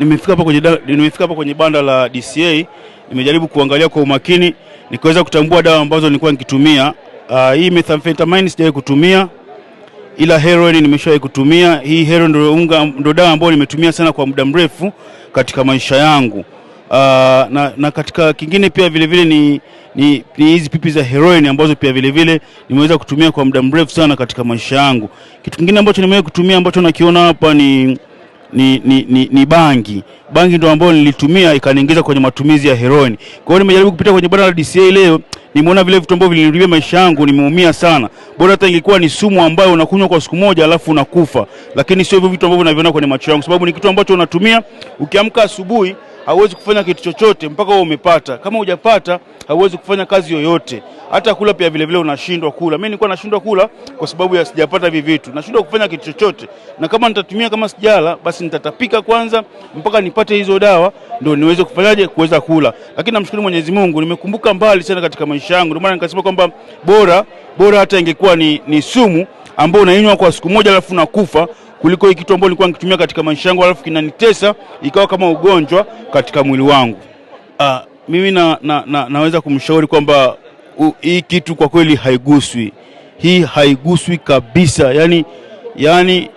nimefika hapa kwenye, nimefika hapa kwenye banda la DCA nimejaribu kuangalia kwa umakini nikaweza kutambua dawa ambazo nilikuwa nikitumia. Uh, hii methamphetamine sijawahi kutumia ila heroin nimeshawahi kutumia. Hii heroin ndio unga ndio dawa ambayo nimetumia sana kwa muda mrefu katika maisha yangu. Uh, na, na katika kingine pia vilevile vile ni ni, hizi pipi za heroin ambazo pia vilevile nimeweza kutumia kwa muda mrefu sana katika maisha yangu. Kitu kingine ambacho nimewahi kutumia ambacho nakiona hapa ni ni, ni, ni, ni bangi. Bangi ndio ambayo nilitumia ikaniingiza kwenye matumizi ya heroin. Kwa hiyo nimejaribu kupita kwenye banda la DCA leo, nimeona vile vitu ambavyo vilinirudia maisha yangu, nimeumia sana. Bora hata ingekuwa ni sumu ambayo unakunywa kwa siku moja alafu unakufa, lakini sio hivyo vitu ambavyo unaviona kwenye macho yangu, sababu ni kitu ambacho unatumia ukiamka asubuhi hauwezi kufanya kitu chochote mpaka wewe umepata. Kama hujapata, hauwezi kufanya kazi yoyote, hata kula pia vilevile unashindwa kula. Mimi nilikuwa nashindwa kula kwa sababu ya sijapata hivi vitu, nashindwa kufanya kitu chochote, na kama nitatumia kama sijala, basi nitatapika kwanza mpaka nipate hizo dawa, ndio niweze kufanyaje kuweza kula. Lakini namshukuru Mwenyezi Mungu, nimekumbuka mbali sana katika maisha yangu, ndio maana nikasema kwamba bora bora hata ingekuwa ni, ni sumu ambayo unainywa kwa siku moja alafu unakufa kuliko hii kitu ambacho nilikuwa nikitumia katika maisha yangu, alafu kinanitesa ikawa kama ugonjwa katika mwili wangu. Aa, ah, mimi na, na, na, naweza kumshauri kwamba hii kitu kwa kweli haiguswi, hii haiguswi kabisa. Yani, yani,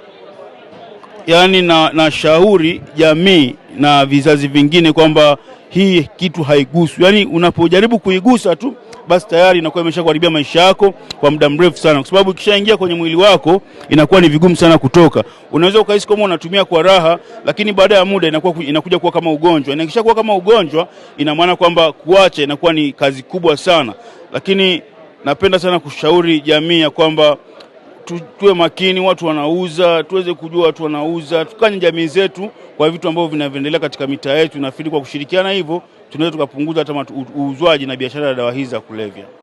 yani na, na shauri jamii na vizazi vingine kwamba hii kitu haiguswi, yani unapojaribu kuigusa tu basi tayari inakuwa imesha kuharibia maisha yako kwa muda mrefu sana, kwa sababu ikishaingia kwenye mwili wako inakuwa ni vigumu sana kutoka. Unaweza ukahisi kama unatumia kwa raha, lakini baada ya muda inakuwa inakuja kuwa kama ugonjwa, na ikishakuwa kama ugonjwa, ina maana kwamba kuacha inakuwa ni kazi kubwa sana. Lakini napenda sana kushauri jamii ya kwamba tuwe makini, watu wanauza, tuweze kujua watu wanauza, tukanye jamii zetu kwa vitu ambavyo vinavyoendelea katika mitaa yetu. Nafikiri kwa kushirikiana hivyo tunaweza tukapunguza hata uuzwaji na biashara ya dawa hizi za kulevya.